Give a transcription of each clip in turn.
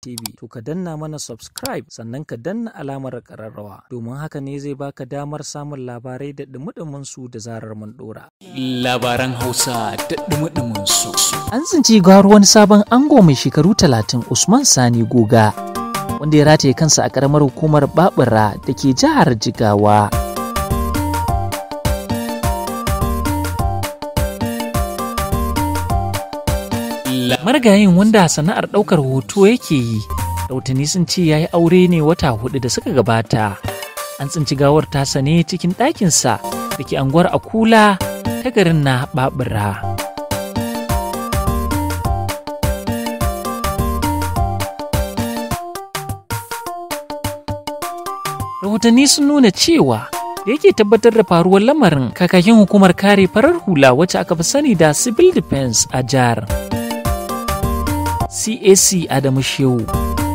TV to ka danna mana subscribe sannan ka danna alamar kararrawa domin haka ne zai baka damar samun labarai da dumudumin su da zarar mun dora. Labaran Hausa da dumudumin su. An tsinci ruwan sabon ango mai shekaru talatin Usman Sani Goga wanda ya rataye kansa a karamar hukumar Babura da ke jihar Jigawa. Margayin wanda sana'ar ɗaukar hoto yake yi, rautani sun ce ya yi aure ne wata hudu da suka gabata. An tsinci gawar tasa ne cikin ɗakinsa da ke anguwar Akula ta garin na Babura. Rahotanni sun nuna cewa da yake tabbatar da faruwar lamarin kakakin hukumar kare farar hula wacce aka fi sani da civil defense a jar. cac adamu shehu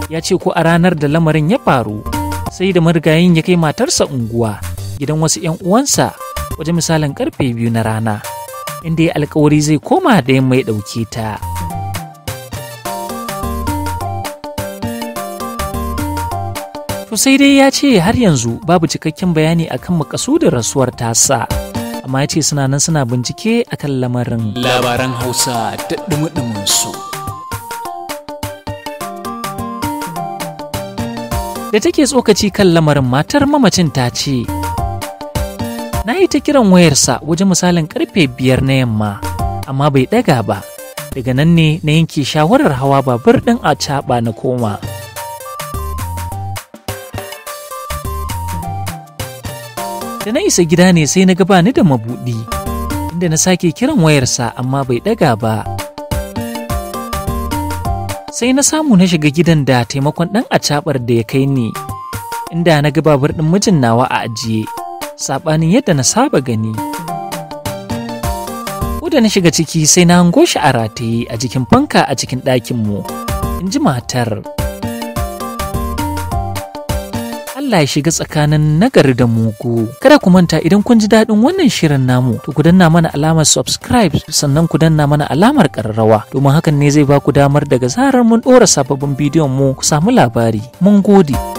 ya ce ko a ranar da lamarin ya faru sai da marigayin ya kai matarsa unguwa gidan wasu 'yan uwansa waje misalin karfe biyu na rana inda ya alkawari zai koma da yamma ya ɗauke ta To sai dai ya ce har yanzu babu cikakken bayani akan makasudin rasuwar tasa. Amma ya ce suna nan suna bincike akan lamarin. Labaran Hausa ta ɗumi su. da take tsokaci kan lamarin matar mamacin ta ce na yi ta kiran wayarsa wajen misalin karfe biyar na yamma amma bai ɗaga ba daga nan ne na yanke shawarar hawa babur ɗin a caɓa na koma da na isa gida ne sai na gaba ni da mabuɗi inda na sake kiran wayarsa amma bai ɗaga ba sai na samu na shiga gidan da taimakon ɗan acaɓar da ya kai ni inda na ga babur ɗin mijin nawa a ajiye saɓanin yadda na saba gani ko da na shiga ciki sai na hango shi a rataye a jikin fanka a cikin ɗakinmu in ji matar Allah ya shiga tsakanin nagari da mugu. Kada ku manta idan kun ji daɗin wannan shirin namu to ku danna mana alamar subscribe sannan ku danna mana alamar ƙararrawa domin hakan ne zai ba ku damar daga zarar mun ɗora sababbin bidiyon mu ku samu labari. Mun gode.